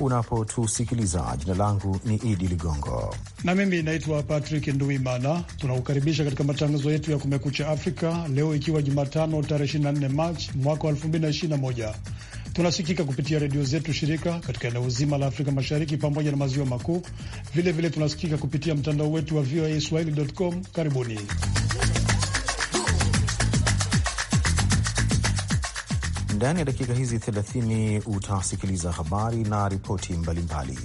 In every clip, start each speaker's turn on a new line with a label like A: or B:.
A: unapotusikiliza. Jina langu ni Idi Ligongo
B: na mimi naitwa Patrick Nduimana. Tunakukaribisha katika matangazo yetu ya Kumekucha Afrika leo ikiwa Jumatano tarehe 24 Machi mwaka wa 2021. Tunasikika kupitia redio zetu shirika katika eneo zima la Afrika Mashariki pamoja na maziwa makuu. Vilevile tunasikika kupitia mtandao wetu wa voa swahili.com. Karibuni.
A: Ndani ya dakika hizi 30 utasikiliza habari na ripoti mbalimbali.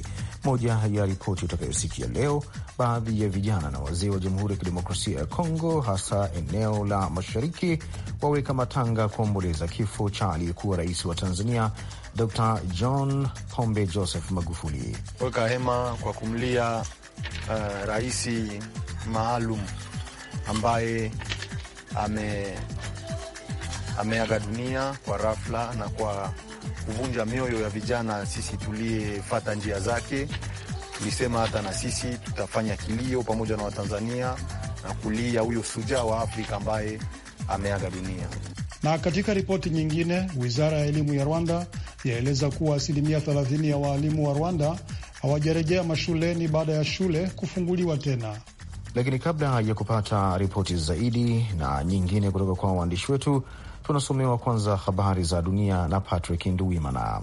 A: Moja ya ripoti utakayosikia leo, baadhi ya vijana na wazee wa Jamhuri ya Kidemokrasia ya Kongo, hasa eneo la mashariki, waweka matanga kuomboleza kifo cha aliyekuwa rais wa Tanzania Dr John Pombe Joseph Magufuli.
C: Weka hema kwa kumlia uh, raisi maalum ambaye ame ameaga dunia kwa rafla na kwa kuvunja mioyo ya vijana sisi tuliyefata njia zake. Tulisema hata na sisi tutafanya kilio pamoja na Watanzania na kulia huyo sujaa wa Afrika ambaye ameaga dunia.
B: Na katika ripoti nyingine, wizara ya elimu ya Rwanda yaeleza kuwa asilimia 30 ya waalimu wa Rwanda hawajarejea mashuleni baada ya shule kufunguliwa tena.
A: Lakini kabla ya kupata ripoti zaidi na nyingine kutoka kwa waandishi wetu, tunasomewa kwanza habari za dunia na Patrick Nduwimana.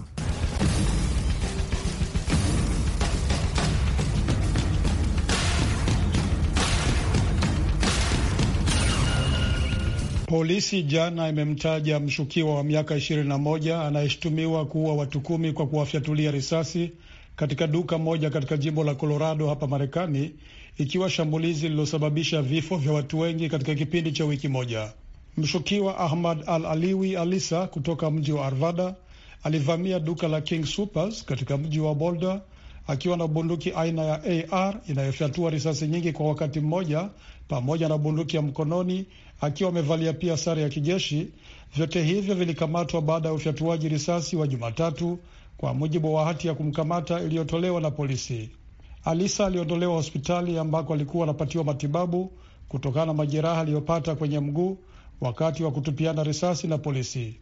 B: Polisi jana imemtaja mshukiwa wa miaka 21 anayeshutumiwa kuua watu kumi kwa kuwafyatulia risasi katika duka moja katika jimbo la Colorado hapa Marekani ikiwa shambulizi lililosababisha vifo vya watu wengi katika kipindi cha wiki moja. Mshukiwa Ahmad Al Aliwi Alisa kutoka mji wa Arvada alivamia duka la King Supers katika mji wa Boulder akiwa na bunduki aina ya AR inayofyatua risasi nyingi kwa wakati mmoja pamoja na bunduki ya mkononi akiwa amevalia pia sare ya kijeshi. Vyote hivyo vilikamatwa baada ya ufyatuaji risasi wa Jumatatu, kwa mujibu wa hati ya kumkamata iliyotolewa na polisi. Alisa aliondolewa hospitali ambako alikuwa anapatiwa matibabu kutokana na majeraha aliyopata kwenye mguu wakati wa kutupiana risasi na polisi.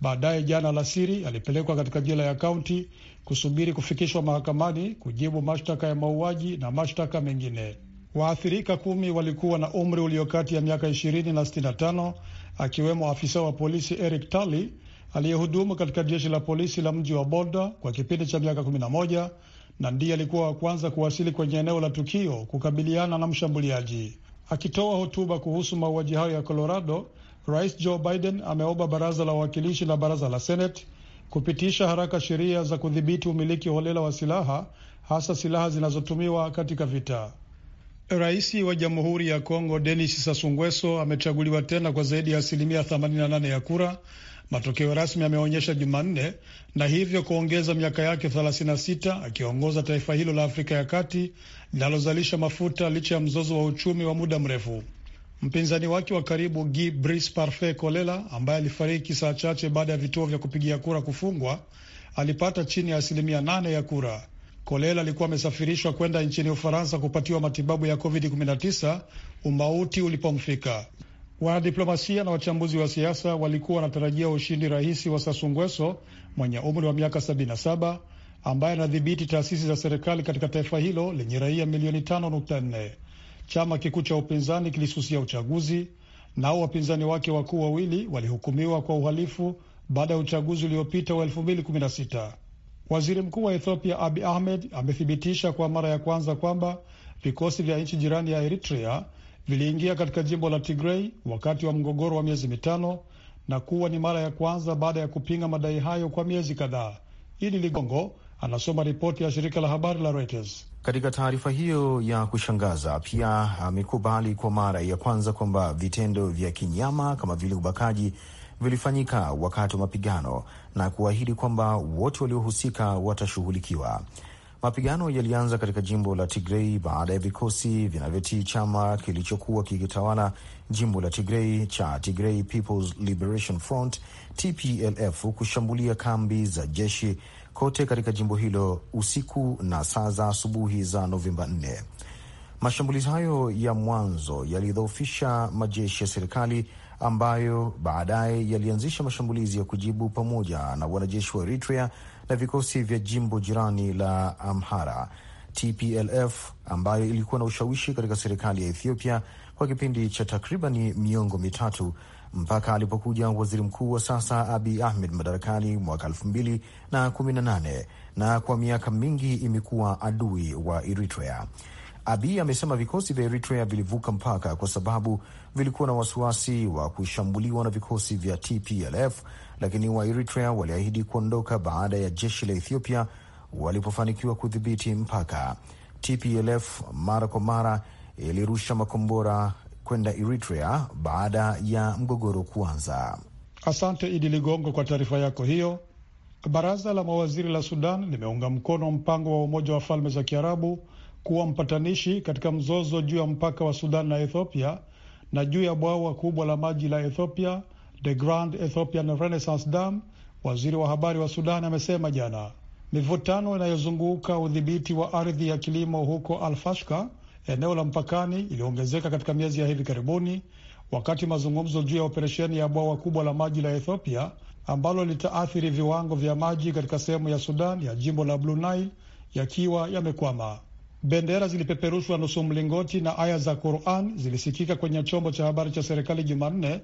B: Baadaye jana alasiri, alipelekwa katika jela ya kaunti kusubiri kufikishwa mahakamani kujibu mashtaka ya mauaji na mashtaka mengine. Waathirika kumi walikuwa na umri ulio kati ya miaka 20 na 65, akiwemo afisa wa polisi Eric Tully aliyehudumu katika jeshi la polisi la mji wa Boulder kwa kipindi cha miaka 11 na ndiye alikuwa wa kwanza kuwasili kwenye eneo la tukio kukabiliana na mshambuliaji. Akitoa hotuba kuhusu mauaji hayo ya Colorado, Rais Joe Biden ameomba baraza la wawakilishi na baraza la Senate kupitisha haraka sheria za kudhibiti umiliki holela wa silaha, hasa silaha zinazotumiwa katika vita. Rais wa Jamhuri ya Kongo Denis Sassou Nguesso amechaguliwa tena kwa zaidi ya asilimia 88 ya kura Matokeo rasmi yameonyesha Jumanne na hivyo kuongeza miaka yake 36 akiongoza taifa hilo la Afrika ya kati linalozalisha mafuta licha ya mzozo wa uchumi wa muda mrefu. Mpinzani wake wa karibu Guy Brice Parfait Kolela, ambaye alifariki saa chache baada ya vituo vya kupigia kura kufungwa, alipata chini ya asilimia nane ya kura. Kolela alikuwa amesafirishwa kwenda nchini Ufaransa kupatiwa matibabu ya COVID-19 umauti ulipomfika. Wanadiplomasia na wachambuzi wa siasa walikuwa wanatarajia ushindi rahisi wa Sasungweso mwenye umri wa miaka 77 ambaye anadhibiti taasisi za serikali katika taifa hilo lenye raia milioni 5.4. Chama kikuu cha upinzani kilisusia uchaguzi, nao wapinzani wake wakuu wawili walihukumiwa kwa uhalifu baada ya uchaguzi uliopita wa 2016. Waziri mkuu wa Ethiopia Abi Ahmed amethibitisha kwa mara ya kwanza kwamba vikosi vya nchi jirani ya Eritrea viliingia katika jimbo la Tigrei wakati wa mgogoro wa miezi mitano na kuwa ni mara ya kwanza baada ya kupinga madai hayo kwa miezi kadhaa. Idi Ligongo anasoma ripoti ya shirika la habari la Reuters.
A: Katika taarifa hiyo ya kushangaza pia amekubali kwa mara ya kwanza kwamba vitendo vya kinyama kama vile ubakaji vilifanyika wakati wa mapigano na kuahidi kwamba wote waliohusika watashughulikiwa. Mapigano yalianza katika jimbo la Tigrei baada ya vikosi vinavyotii chama kilichokuwa kikitawala jimbo la Tigrei cha Tigrei People's Liberation Front TPLF kushambulia kambi za jeshi kote katika jimbo hilo usiku na saa za asubuhi za Novemba 4. Mashambulizi hayo ya mwanzo yalidhoofisha majeshi ya serikali ambayo baadaye yalianzisha mashambulizi ya kujibu pamoja na wanajeshi wa Eritrea na vikosi vya jimbo jirani la Amhara, TPLF, ambayo ilikuwa na ushawishi katika serikali ya Ethiopia kwa kipindi cha takribani miongo mitatu mpaka alipokuja waziri mkuu wa sasa Abi Ahmed madarakani mwaka elfu mbili na kumi na nane na kwa miaka mingi imekuwa adui wa Eritrea. Abi amesema vikosi vya Eritrea vilivuka mpaka kwa sababu vilikuwa na wasiwasi wa kushambuliwa na vikosi vya TPLF lakini Waeritrea waliahidi kuondoka baada ya jeshi la Ethiopia walipofanikiwa kudhibiti mpaka. TPLF mara kwa mara ilirusha makombora kwenda Eritrea
B: baada ya mgogoro kuanza. Asante Idi Ligongo kwa taarifa yako hiyo. Baraza la mawaziri la Sudan limeunga mkono mpango wa Umoja wa Falme za Kiarabu kuwa mpatanishi katika mzozo juu ya mpaka wa Sudan na Ethiopia na juu ya bwawa kubwa la maji la Ethiopia The Grand Ethiopian Renaissance Dam, waziri wa habari wa Sudani amesema jana. Mivutano inayozunguka udhibiti wa ardhi ya kilimo huko Alfashka, eneo la mpakani, iliongezeka katika miezi ya hivi karibuni, wakati mazungumzo juu ya operesheni ya bwawa kubwa la maji la Ethiopia ambalo litaathiri viwango vya maji katika sehemu ya Sudan ya jimbo la Blue Nile yakiwa yamekwama. Bendera zilipeperushwa nusu mlingoti na aya za Quran zilisikika kwenye chombo cha habari cha serikali Jumanne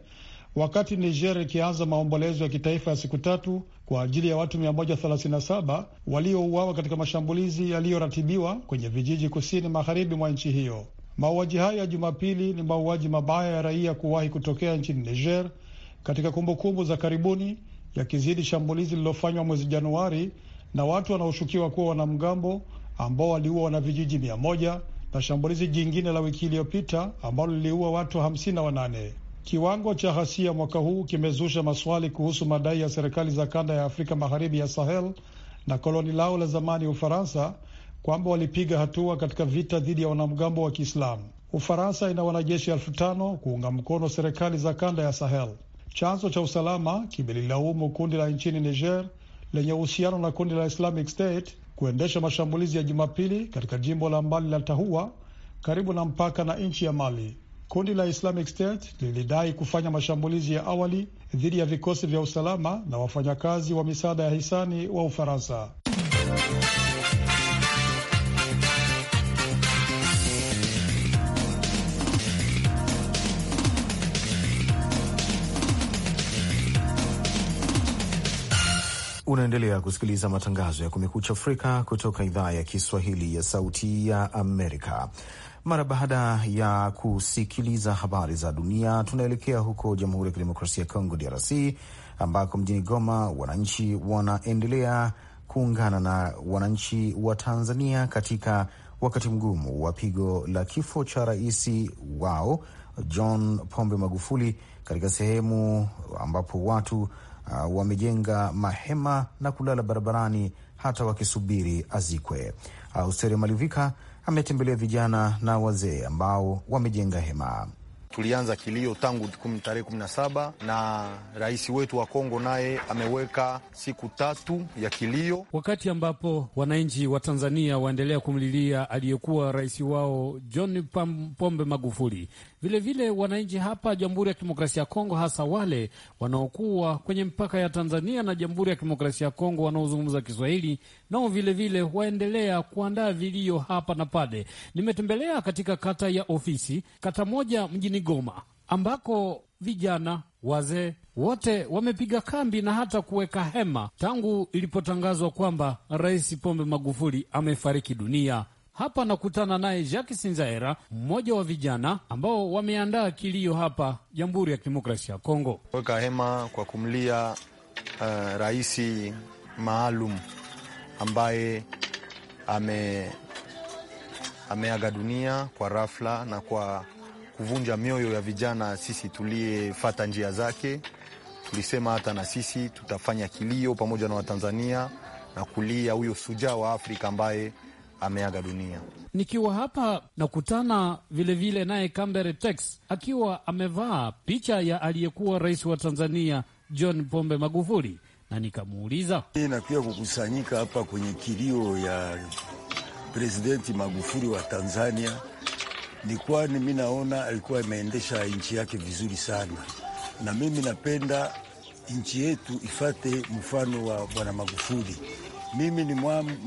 B: wakati Niger ikianza maombolezo ya kitaifa ya siku tatu kwa ajili ya watu 137 waliouawa katika mashambulizi yaliyoratibiwa kwenye vijiji kusini magharibi mwa nchi hiyo. Mauaji hayo ya Jumapili ni mauaji mabaya ya raia kuwahi kutokea nchini Niger katika kumbukumbu za karibuni, yakizidi shambulizi lililofanywa mwezi Januari na watu wanaoshukiwa kuwa wanamgambo ambao waliua wana mia moja na shambulizi jingine la wiki iliyopita ambalo liliua watu hamsini na wanane. Kiwango cha hasia mwaka huu kimezusha maswali kuhusu madai ya serikali za kanda ya Afrika Magharibi ya Sahel na koloni lao la zamani Ufaransa kwamba walipiga hatua katika vita dhidi ya wanamgambo wa Kiislamu. Ufaransa ina wanajeshi elfu tano kuunga mkono serikali za kanda ya Sahel. Chanzo cha usalama kimelilaumu kundi la nchini Niger lenye uhusiano na kundi la Islamic State kuendesha mashambulizi ya Jumapili katika jimbo la mbali la Tahua karibu na mpaka na nchi ya Mali. Kundi la Islamic State lilidai kufanya mashambulizi ya awali dhidi ya vikosi vya usalama na wafanyakazi wa misaada ya hisani wa Ufaransa.
A: Unaendelea kusikiliza matangazo ya Kumekucha Afrika kutoka idhaa ya Kiswahili ya Sauti ya Amerika. Mara baada ya kusikiliza habari za dunia, tunaelekea huko Jamhuri ya Kidemokrasia ya Kongo, DRC, ambako mjini Goma wananchi wanaendelea kuungana na wananchi wa Tanzania katika wakati mgumu wa pigo la kifo cha rais wao John Pombe Magufuli katika sehemu ambapo watu uh, wamejenga mahema na kulala barabarani hata wakisubiri azikwe. Ah, Austeri uh, Malivika ametembelea vijana na wazee ambao wamejenga hema.
C: Tulianza kilio tangu tarehe kumi na saba na rais wetu wa Kongo naye ameweka siku tatu ya kilio,
D: wakati ambapo wananchi wa Tanzania waendelea kumlilia aliyekuwa rais wao John Pombe Magufuli. Vilevile wananchi hapa Jamhuri ya Kidemokrasia ya Kongo, hasa wale wanaokuwa kwenye mpaka ya Tanzania na Jamhuri ya Kidemokrasia ya Kongo wanaozungumza Kiswahili, nao vilevile waendelea kuandaa vilio hapa na pale. Nimetembelea katika kata ya ofisi, kata moja mjini Goma, ambako vijana wazee wote wamepiga kambi na hata kuweka hema tangu ilipotangazwa kwamba Rais Pombe Magufuli amefariki dunia hapa nakutana naye Jacques Sinzaera, mmoja wa vijana ambao wameandaa kilio hapa Jamhuri ya
C: Kidemokrasia ya Kongo, weka hema kwa kumlia uh, raisi maalum ambaye ame ameaga dunia kwa rafla na kwa kuvunja mioyo ya vijana sisi tuliyefata njia zake. Tulisema hata na sisi tutafanya kilio pamoja na Watanzania na kulia huyo sujaa wa Afrika ambaye ameaga dunia.
D: Nikiwa hapa nakutana vilevile naye Kambere Tex akiwa amevaa picha ya aliyekuwa rais wa Tanzania John Pombe Magufuli, na nikamuuliza
C: napia kukusanyika hapa kwenye kilio ya Presidenti Magufuli wa Tanzania ni kwani mi naona alikuwa imeendesha nchi yake vizuri sana, na mimi napenda nchi yetu ifate mfano wa Bwana Magufuli mimi ni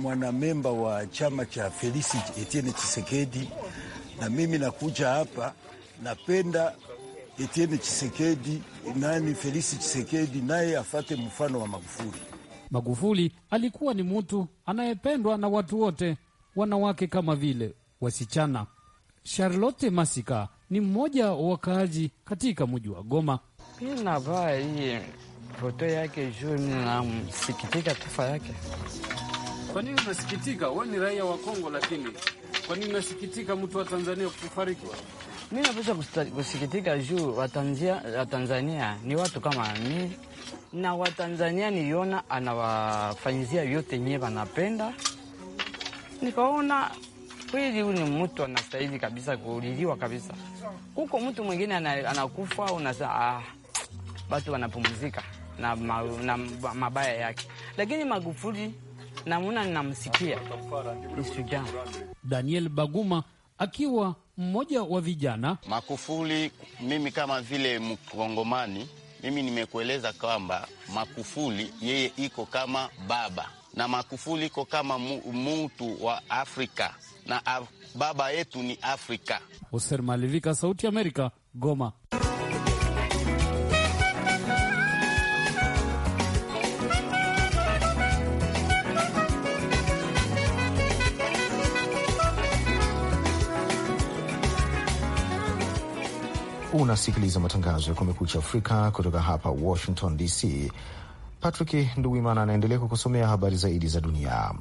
C: mwanamemba wa chama cha Felisi Etienne Chisekedi, na mimi nakuja hapa, napenda Etienne Chisekedi nani, Felisi Chisekedi naye afate mfano wa Magufuli.
D: Magufuli alikuwa ni mtu anayependwa na watu wote, wanawake kama vile wasichana. Charlotte Masika ni mmoja wa wakaaji katika mji wa Goma. hii Poto yake juu ninamsikitika tufa yake. Kwa nini unasikitika? Wewe ni raia wa Kongo, lakini kwa nini unasikitika mtu wa Tanzania kufariki?
E: Mimi napaswa kusikitika juu wa Tanzania ni watu kama mimi na Watanzania niliona anawafanyizia yote nyewe wanapenda, nikaona kweli huyu ni mtu anastahili kabisa kuuliliwa kabisa. Huko mtu mwingine anakufa, unasa ah, batu wanapumzika na, ma, na mabaya yake, lakini Magufuli namuna ninamsikia ni
D: Daniel Baguma akiwa mmoja wa vijana
A: Makufuli. Mimi kama vile Mkongomani, mimi nimekueleza kwamba Makufuli yeye iko kama baba na Makufuli iko kama mutu wa Afrika na baba yetu ni Afrika.
D: Hoser Malivika, Sauti ya Amerika, Goma.
A: Unasikiliza matangazo ya Kumekucha Afrika kutoka hapa Washington DC. Patrick Nduwimana anaendelea kukusomea habari zaidi za dunia.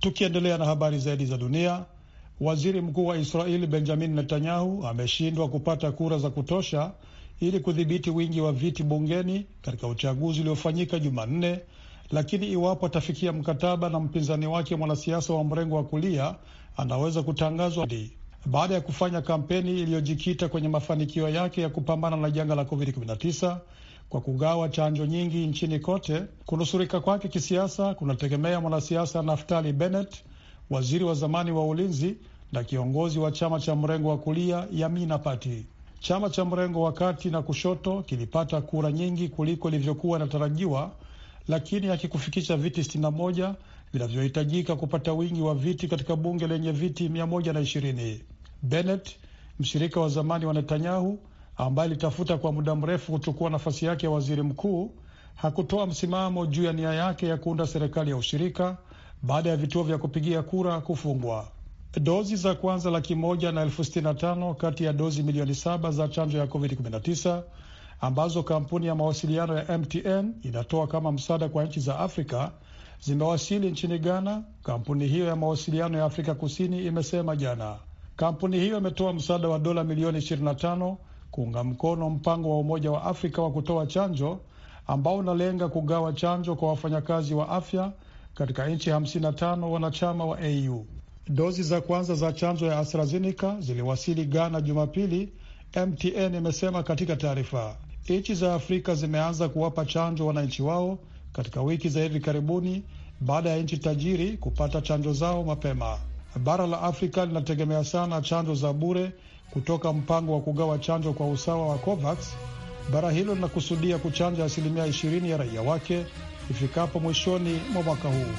B: Tukiendelea na habari zaidi za dunia, waziri mkuu wa Israeli Benjamin Netanyahu ameshindwa kupata kura za kutosha ili kudhibiti wingi wa viti bungeni katika uchaguzi uliofanyika Jumanne lakini iwapo atafikia mkataba na mpinzani wake mwanasiasa wa mrengo wa kulia anaweza kutangazwa baada ya kufanya kampeni iliyojikita kwenye mafanikio yake ya kupambana na janga la COVID-19 kwa kugawa chanjo nyingi nchini kote. Kunusurika kwake kisiasa kunategemea mwanasiasa Naftali Bennett, waziri wa zamani wa ulinzi na kiongozi wa chama cha mrengo wa kulia Yamina Pati. Chama cha mrengo wa kati na kushoto kilipata kura nyingi kuliko ilivyokuwa inatarajiwa lakini akikufikisha viti 61 vinavyohitajika kupata wingi wa viti katika bunge lenye viti 120. Bennett, mshirika wa zamani wa Netanyahu ambaye alitafuta kwa muda mrefu kuchukua nafasi yake ya waziri mkuu, hakutoa msimamo juu ya nia yake ya kuunda serikali ya ushirika baada ya vituo vya kupigia kura kufungwa. Dozi za kwanza laki moja na elfu sitini na tano kati ya dozi milioni saba za chanjo ya COVID-19 ambazo kampuni ya mawasiliano ya MTN inatoa kama msaada kwa nchi za Afrika zimewasili nchini Ghana. Kampuni hiyo ya mawasiliano ya Afrika Kusini imesema jana. Kampuni hiyo imetoa msaada wa dola milioni 25 kuunga mkono mpango wa Umoja wa Afrika wa kutoa chanjo ambao unalenga kugawa chanjo kwa wafanyakazi wa afya katika nchi 55 wanachama wa AU. Dozi za kwanza za chanjo ya AstraZeneca ziliwasili Ghana Jumapili, MTN imesema katika taarifa. Nchi za Afrika zimeanza kuwapa chanjo wananchi wao katika wiki za hivi karibuni baada ya nchi tajiri kupata chanjo zao mapema. Bara la Afrika linategemea sana chanjo za bure kutoka mpango wa kugawa chanjo kwa usawa wa COVAX. Bara hilo linakusudia kuchanja asilimia 20 ya raia wake ifikapo mwishoni mwa mwaka huu.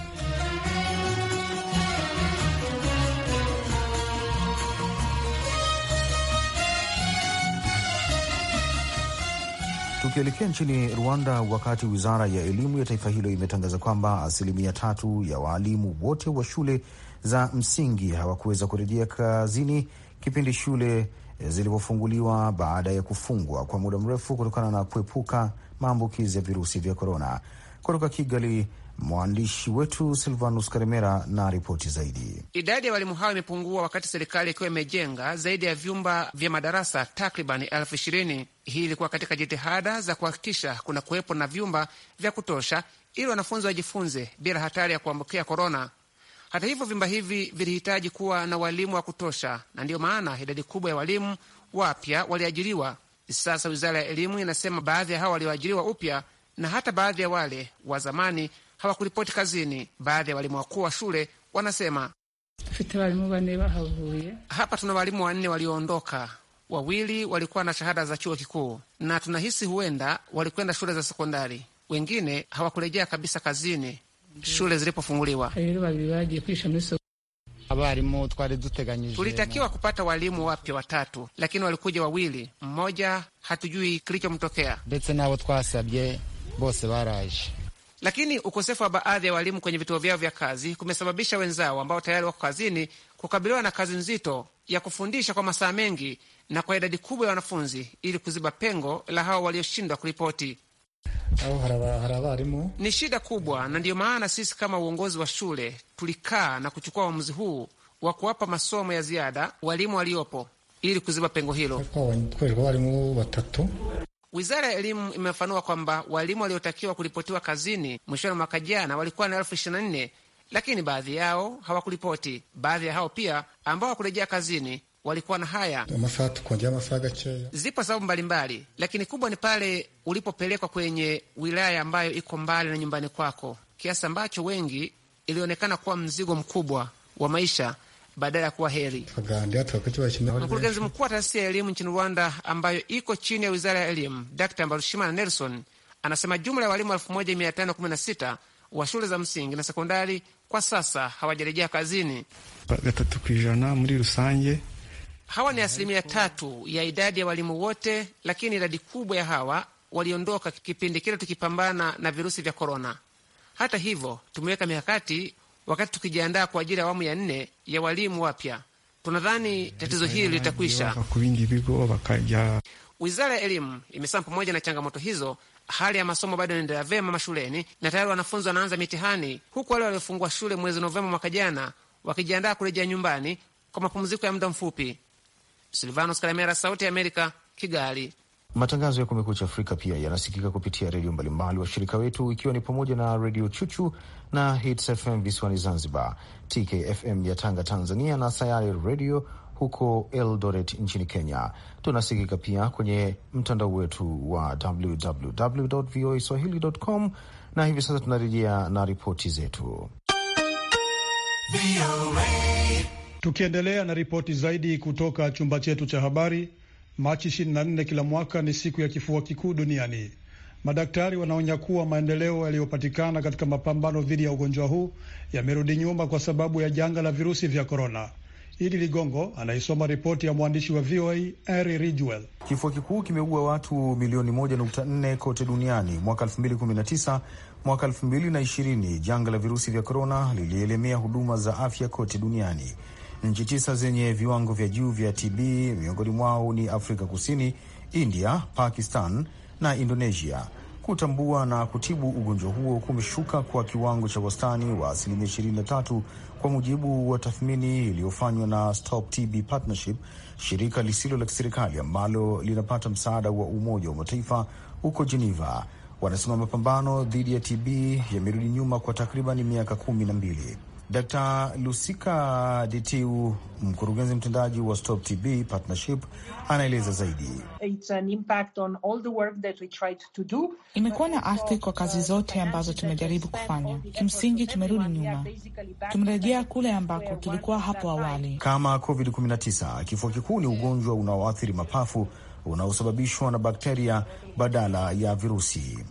A: Tukielekea nchini Rwanda, wakati wizara ya elimu ya taifa hilo imetangaza kwamba asilimia tatu ya waalimu wote wa shule za msingi hawakuweza kurejea kazini kipindi shule zilipofunguliwa baada ya kufungwa kwa muda mrefu kutokana na kuepuka maambukizi ya virusi vya korona. Kutoka Kigali, Mwandishi wetu Silvanus karimera na ripoti zaidi.
F: Idadi ya walimu hao imepungua wakati serikali ikiwa imejenga zaidi ya vyumba vya madarasa takribani elfu ishirini. Hii ilikuwa katika jitihada za kuhakikisha kuna kuwepo na vyumba vya kutosha ili wanafunzi wajifunze bila hatari ya kuambukia korona. Hata hivyo, vyumba hivi vilihitaji kuwa na walimu wa kutosha, na ndiyo maana idadi kubwa ya walimu wapya waliajiriwa. Sasa wizara ya elimu inasema baadhi ya hao walioajiriwa upya na hata baadhi ya wale wa zamani hawakuripoti kazini. Baadhi ya walimu wakuu wa shule wanasema hapa tuna walimu wanne walioondoka, wawili walikuwa na shahada za chuo kikuu, na tunahisi huenda walikwenda shule za sekondari. Wengine hawakurejea kabisa kazini shule zilipofunguliwa. Tulitakiwa kupata walimu wapya watatu, lakini walikuja wawili, mmoja hatujui kilichomtokea. Lakini ukosefu wa baadhi ya walimu kwenye vituo vyao vya kazi kumesababisha wenzao ambao tayari wako kazini kukabiliwa na kazi nzito ya kufundisha kwa masaa mengi na kwa idadi kubwa ya wanafunzi ili kuziba pengo la hao walioshindwa kuripoti. Ni shida kubwa, na ndiyo maana sisi kama uongozi wa shule tulikaa na kuchukua uamuzi huu wa kuwapa masomo ya ziada walimu waliopo ili kuziba pengo hilo. Wizara ya elimu imefanua kwamba walimu waliotakiwa kuripotiwa kazini mwishoni mwaka jana walikuwa na elfu ishirini na nne lakini baadhi yao hawakuripoti. Baadhi ya hao pia ambao hawakurejea kazini walikuwa na haya. Zipo sababu mbalimbali, lakini kubwa ni pale ulipopelekwa kwenye wilaya ambayo iko mbali na nyumbani kwako, kiasi ambacho wengi ilionekana kuwa mzigo mkubwa wa maisha badala ya kuwa heri. Mkurugenzi mkuu wa taasisi ya elimu nchini Rwanda ambayo iko chini ya wizara ya elimu, Dr Mbarushimana Nelson anasema jumla ya walimu 1516 wa shule za msingi na sekondari kwa sasa hawajarejea kazini. Hawa ni asilimia tatu ya idadi ya walimu wote, lakini idadi kubwa ya hawa waliondoka kipindi kile tukipambana na virusi vya korona. Hata hivyo, tumeweka mikakati wakati tukijiandaa kwa ajili ya awamu ya nne ya walimu wapya. Tunadhani tatizo hili litakwisha. Wizara ya Elimu imesema pamoja na changamoto hizo, hali ya masomo bado inaendelea vyema mashuleni na tayari wanafunzi wanaanza mitihani, huku wale waliofungua shule mwezi Novemba mwaka jana wakijiandaa kurejea nyumbani kwa mapumziko ya muda mfupi. Silvanos Kalemera, Sauti ya Amerika, Kigali.
A: Matangazo ya Kumekucha Afrika pia yanasikika kupitia redio mbalimbali washirika wetu, ikiwa ni pamoja na Redio Chuchu na Hits FM visiwani Zanzibar, TKFM ya Tanga, Tanzania, na Sayari Redio huko Eldoret nchini Kenya. Tunasikika pia kwenye mtandao wetu wa www voa swahili.com, na hivi sasa tunarejea na ripoti zetu.
B: Tukiendelea na ripoti zaidi kutoka chumba chetu cha habari. Machi 24 kila mwaka ni siku ya kifua kikuu duniani. Madaktari wanaonya kuwa maendeleo yaliyopatikana katika mapambano dhidi ya ugonjwa huu yamerudi nyuma kwa sababu ya janga la virusi vya korona. Idi Ligongo anaisoma ripoti ya mwandishi wa VOA Ari Ridgwell. Kifua kikuu
A: kimeua watu milioni 1.4 kote duniani mwaka 2019. Mwaka 2020 janga la virusi vya korona lilielemea huduma za afya kote duniani. Nchi tisa zenye viwango vya juu vya TB miongoni mwao ni Afrika Kusini, India, Pakistan na Indonesia. Kutambua na kutibu ugonjwa huo kumeshuka kwa kiwango cha wastani wa asilimia 23 kwa mujibu wa tathmini iliyofanywa na Stop TB Partnership, shirika lisilo la kiserikali ambalo linapata msaada wa Umoja wa Mataifa huko Geneva. Wanasema mapambano dhidi ya TB yamerudi nyuma kwa takriban miaka kumi na mbili. Dkt. Lusika Ditiu, mkurugenzi mtendaji wa Stop TB Partnership, anaeleza zaidi.
E: Imekuwa na athari kwa kazi zote ambazo tumejaribu kufanya. Kimsingi tumerudi nyuma, tumerejea kule ambako tulikuwa hapo awali.
A: Kama COVID-19, kifua kikuu ni ugonjwa unaoathiri mapafu unaosababishwa na bakteria badala ya virusi.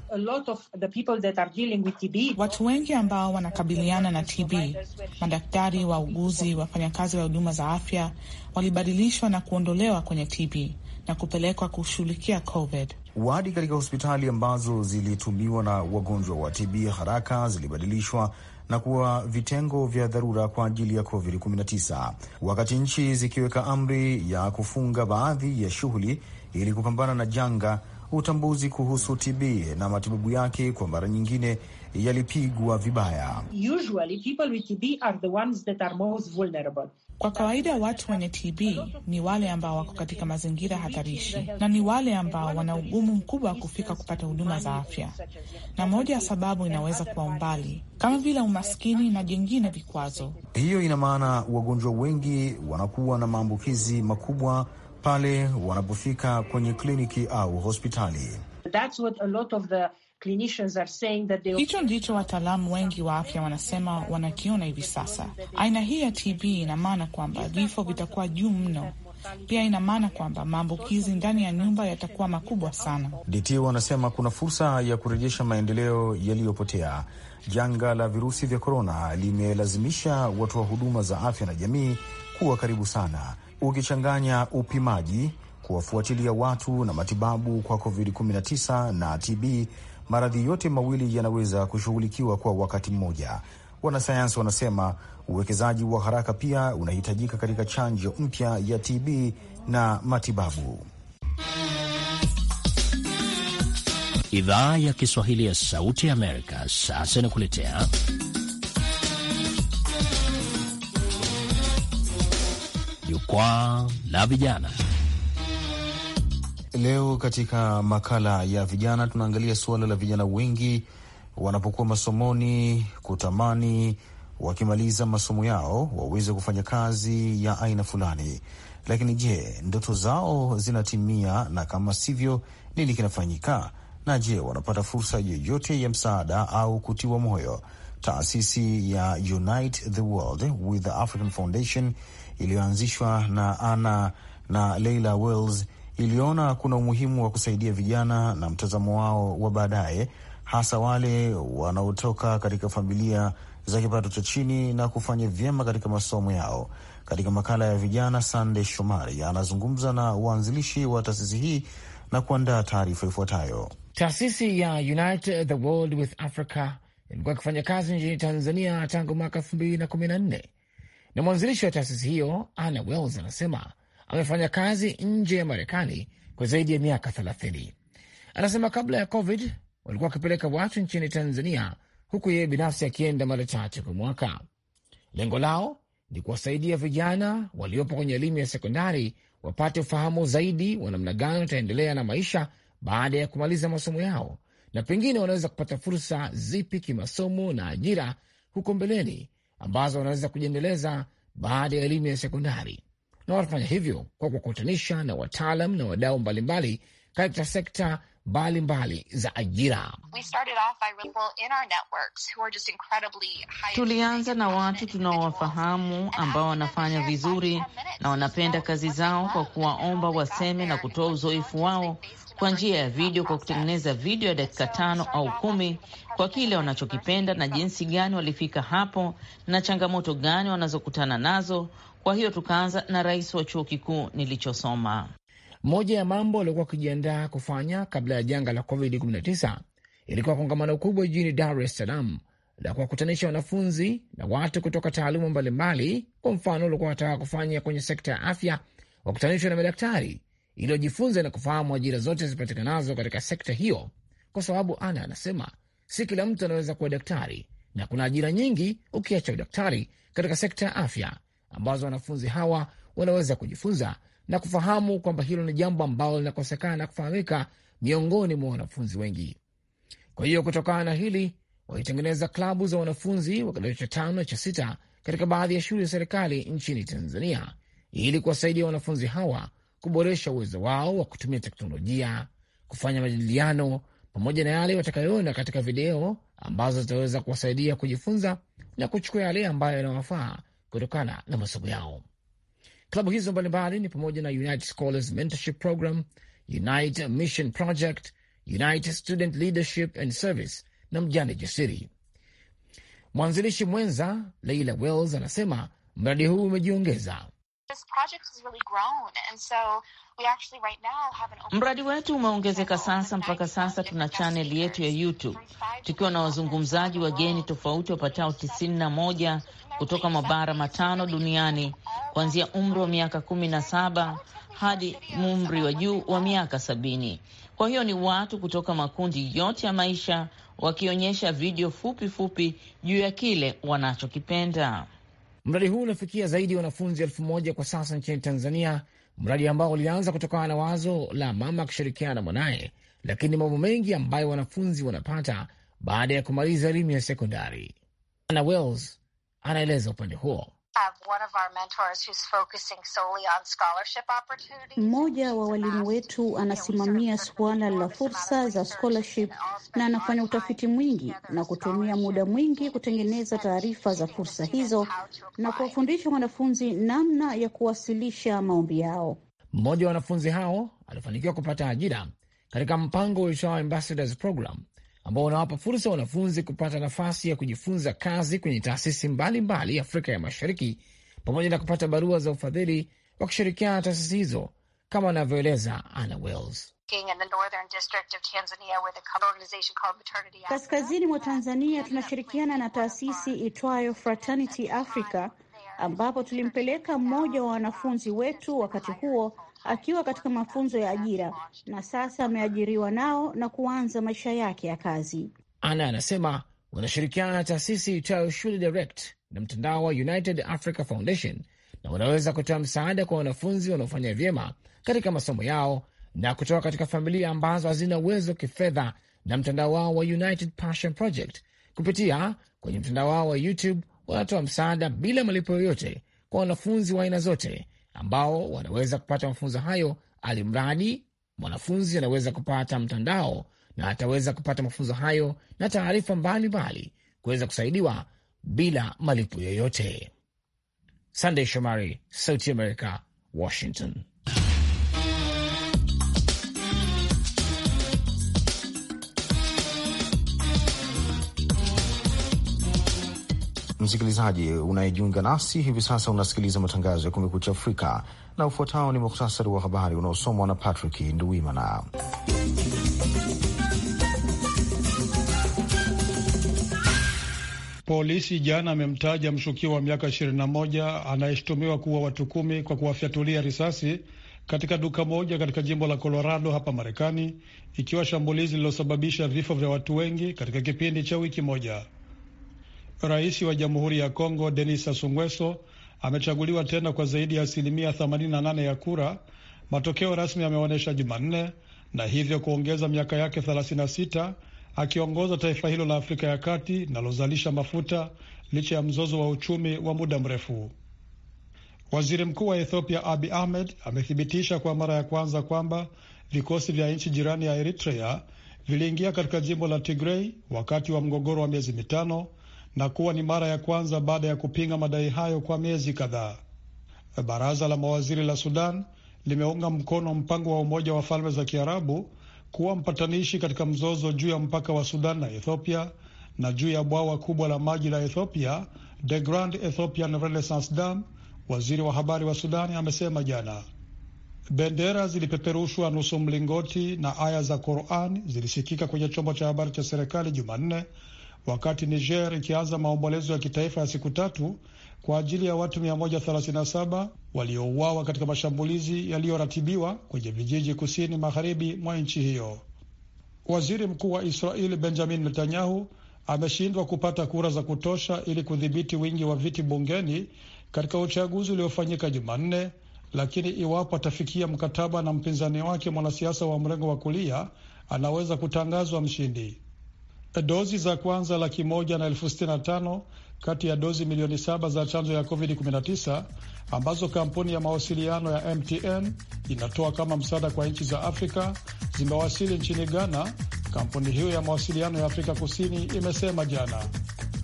E: Watu wengi ambao wanakabiliana na TB, madaktari, wauguzi, wafanyakazi wa huduma za afya walibadilishwa na kuondolewa kwenye TB na kupelekwa kushughulikia COVID.
A: Wadi katika hospitali ambazo zilitumiwa na wagonjwa wa TB haraka zilibadilishwa na kuwa vitengo vya dharura kwa ajili ya COVID-19 wakati nchi zikiweka amri ya kufunga baadhi ya shughuli ili kupambana na janga. Utambuzi kuhusu TB na matibabu yake kwa mara nyingine
E: yalipigwa vibaya. Kwa kawaida watu wenye TB ni wale ambao wako katika mazingira hatarishi na ni wale ambao wana ugumu mkubwa wa kufika kupata huduma za afya, na moja ya sababu inaweza kuwa umbali kama vile umaskini na jengine vikwazo.
A: Hiyo ina maana wagonjwa wengi wanakuwa na maambukizi makubwa pale wanapofika kwenye kliniki au hospitali.
E: Hicho ndicho wataalamu wengi wa afya wanasema wanakiona hivi sasa. Aina hii ya TB ina maana kwamba vifo vitakuwa juu mno. Pia ina maana kwamba maambukizi ndani ya nyumba yatakuwa makubwa sana.
A: DT wanasema kuna fursa ya kurejesha maendeleo yaliyopotea. Janga la virusi vya korona limelazimisha watoa huduma za afya na jamii kuwa karibu sana ukichanganya upimaji, kuwafuatilia watu na matibabu kwa COVID-19 na TB, maradhi yote mawili yanaweza kushughulikiwa kwa wakati mmoja. Wanasayansi wanasema uwekezaji wa haraka pia unahitajika katika chanjo mpya ya TB na matibabu. Idhaa
D: ya Kiswahili ya
A: Sauti ya Amerika sasa inakuletea jukwaa la vijana. Leo katika makala ya vijana tunaangalia suala la vijana wengi wanapokuwa masomoni kutamani wakimaliza masomo yao waweze kufanya kazi ya aina fulani. Lakini je, ndoto zao zinatimia? Na kama sivyo, nini kinafanyika? Na je, wanapata fursa yoyote ya msaada au kutiwa moyo? taasisi ya Unite the World with the African Foundation iliyoanzishwa na Anna na Leila Wells iliona kuna umuhimu wa kusaidia vijana na mtazamo wao wa baadaye, hasa wale wanaotoka katika familia za kipato cha chini na kufanya vyema katika masomo yao. Katika makala ya vijana, Sande Shomari anazungumza na uanzilishi wa taasisi hii na kuandaa taarifa ifuatayo.
G: Taasisi ya Unite the World with Africa imekuwa ikifanya kazi nchini Tanzania tangu mwaka elfu mbili na kumi na nne na mwanzilishi wa taasisi hiyo Anna Wells anasema amefanya kazi nje ya Marekani kwa zaidi ya miaka thelathini. Anasema kabla ya COVID walikuwa wakipeleka watu nchini Tanzania, huku yeye binafsi akienda mara chache kwa mwaka. Lengo lao ni kuwasaidia vijana waliopo kwenye elimu ya sekondari wapate ufahamu zaidi wa namna gani wataendelea na maisha baada ya kumaliza masomo yao na pengine wanaweza kupata fursa zipi kimasomo na ajira huko mbeleni ambazo wanaweza kujiendeleza baada ya elimu ya sekondari, na wanafanya hivyo kwa kuwakutanisha na wataalam na wadau mbalimbali katika sekta mbalimbali za ajira.
E: Tulianza na watu tunaowafahamu ambao wanafanya vizuri na wanapenda kazi zao, kwa kuwaomba waseme na kutoa uzoefu wao kwa njia ya video, kwa kutengeneza video ya dakika tano au kumi kwa kile wanachokipenda na jinsi gani walifika hapo na changamoto gani wanazokutana nazo. Kwa hiyo tukaanza na rais wa chuo kikuu nilichosoma
G: moja ya mambo aliokuwa akijiandaa kufanya kabla ya janga la COVID-19 ilikuwa kongamano kubwa jijini Dar es Salaam la kuwakutanisha wanafunzi na watu kutoka taaluma mbalimbali. Kwa mfano, walikuwa wanataka kufanya kwenye sekta ya afya wakutanishwa na madaktari ili wajifunze na kufahamu ajira zote zipatikanazo katika sekta hiyo, kwa sababu Ana anasema si kila mtu anaweza kuwa daktari na kuna ajira nyingi ukiacha udaktari katika sekta ya afya ambazo wanafunzi hawa wanaweza kujifunza na kufahamu kwamba hilo ni jambo ambalo linakosekana kufahamika miongoni mwa wanafunzi wengi. Kwa hiyo kutokana na hili walitengeneza klabu za wanafunzi wa kidato cha tano na cha sita katika baadhi ya shule za serikali nchini Tanzania ili kuwasaidia wanafunzi hawa kuboresha uwezo wao wa kutumia teknolojia, kufanya majadiliano pamoja na yale watakayoona katika video ambazo zitaweza kuwasaidia kujifunza na kuchukua yale ambayo yanawafaa kutokana na masomo yao. Klabu hizo mbalimbali ni pamoja na United Scholars Mentorship Program, Unite Mission Project, Unite Student Leadership and Service na Mjane Jasiri. Mwanzilishi mwenza Leila Wells anasema mradi huu umejiongeza
E: Mradi wetu umeongezeka sasa. Mpaka sasa tuna chaneli yetu ya YouTube tukiwa na wazungumzaji wageni tofauti wapatao tisini na moja kutoka mabara matano duniani kuanzia umri wa miaka kumi na saba hadi umri wa juu wa miaka sabini. Kwa hiyo ni watu kutoka makundi yote ya maisha wakionyesha video fupi fupi juu ya kile wanachokipenda.
G: Mradi huu unafikia zaidi ya wanafunzi elfu moja kwa sasa nchini Tanzania, mradi ambao ulianza kutokana na wazo la mama kushirikiana na mwanaye, lakini mambo mengi ambayo wanafunzi wanapata baada ya kumaliza elimu ya sekondari. Ana Wells anaeleza upande huo. Uh,
E: Mmoja wa walimu wetu anasimamia suala la fursa za scholarship na anafanya utafiti mwingi na kutumia muda mwingi kutengeneza taarifa za fursa hizo na kuwafundisha wanafunzi namna ya kuwasilisha maombi yao.
G: Mmoja wa wanafunzi hao alifanikiwa kupata ajira katika mpango wa Ambassadors Program ambao unawapa fursa wanafunzi kupata nafasi ya kujifunza kazi kwenye taasisi mbalimbali Afrika ya Mashariki, pamoja na kupata barua za ufadhili wakishirikiana na taasisi hizo, kama anavyoeleza Anna Wells.
E: Kaskazini mwa Tanzania tunashirikiana na taasisi itwayo Fraternity Africa ambapo tulimpeleka mmoja wa wanafunzi wetu wakati huo akiwa katika mafunzo ya ajira na sasa ameajiriwa nao na kuanza maisha yake ya kazi.
G: Ana anasema wanashirikiana na taasisi itayo Shule Direct na mtandao wa United Africa Foundation na wanaweza kutoa msaada kwa wanafunzi wanaofanya vyema katika masomo yao na kutoka katika familia ambazo hazina uwezo wa kifedha na mtandao wao wa United Passion Project. Kupitia kwenye mtandao wao wa YouTube wanatoa msaada bila malipo yoyote kwa wanafunzi wa aina zote ambao wanaweza kupata mafunzo hayo, alimradi mwanafunzi anaweza kupata mtandao na ataweza kupata mafunzo hayo na taarifa mbalimbali kuweza kusaidiwa bila malipo yoyote. Sandey Shomari, Sauti America, Washington.
A: Msikilizaji unayejiunga nasi hivi sasa, unasikiliza matangazo ya Kumekucha Afrika na ufuatao ni muhtasari wa habari unaosomwa na Patrick Nduwimana.
B: Polisi jana amemtaja mshukiwa wa miaka 21 anayeshutumiwa kuwa watu kumi kwa kuwafyatulia risasi katika duka moja katika jimbo la Colorado hapa Marekani, ikiwa shambulizi lililosababisha vifo vya watu wengi katika kipindi cha wiki moja. Rais wa Jamhuri ya Kongo Denis Sassou Nguesso amechaguliwa tena kwa zaidi ya asilimia 88 ya kura, matokeo rasmi yameonyesha Jumanne, na hivyo kuongeza miaka yake 36 akiongoza taifa hilo la Afrika ya Kati linalozalisha mafuta licha ya mzozo wa uchumi wa muda mrefu. Waziri Mkuu wa Ethiopia Abi Ahmed amethibitisha kwa mara ya kwanza kwamba vikosi vya nchi jirani ya Eritrea viliingia katika jimbo la Tigrei wakati wa mgogoro wa miezi mitano na kuwa ni mara ya kwanza baada ya kupinga madai hayo kwa miezi kadhaa. Baraza la mawaziri la Sudan limeunga mkono mpango wa Umoja wa Falme za Kiarabu kuwa mpatanishi katika mzozo juu ya mpaka wa Sudan na Ethiopia na juu ya bwawa kubwa la maji la Ethiopia, The Grand Ethiopian Renaissance Dam. Waziri wa habari wa Sudani amesema jana. Bendera zilipeperushwa nusu mlingoti na aya za Qur'an zilisikika kwenye chombo cha habari cha serikali Jumanne, wakati Niger ikianza maombolezo ya kitaifa ya siku tatu kwa ajili ya watu 137 waliouawa katika mashambulizi yaliyoratibiwa kwenye vijiji kusini magharibi mwa nchi hiyo. Waziri mkuu wa Israeli Benjamin Netanyahu ameshindwa kupata kura za kutosha ili kudhibiti wingi wa viti bungeni katika uchaguzi uliofanyika Jumanne, lakini iwapo atafikia mkataba na mpinzani wake mwanasiasa wa mrengo wa kulia anaweza kutangazwa mshindi. Dozi za kwanza laki moja na elfu sitini na tano kati ya dozi milioni saba za chanjo ya COVID-19 ambazo kampuni ya mawasiliano ya MTN inatoa kama msaada kwa nchi za Afrika zimewasili nchini Ghana, kampuni hiyo ya mawasiliano ya Afrika Kusini imesema jana.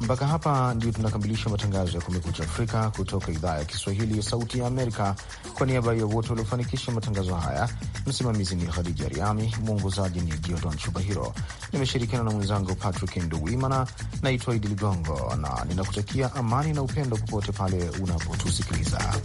A: Mpaka hapa ndio tunakamilisha matangazo ya Kumekucha Afrika kutoka idhaa ya Kiswahili ya Sauti ya Amerika. Kwa niaba ya wote waliofanikisha matangazo haya, msimamizi ni Khadija Riami, mwongozaji ni Diodon Chubahiro. Nimeshirikiana na mwenzangu Patrick Nduwimana. Naitwa Idi Ligongo na ninakutakia amani na upendo popote pale unapotusikiliza.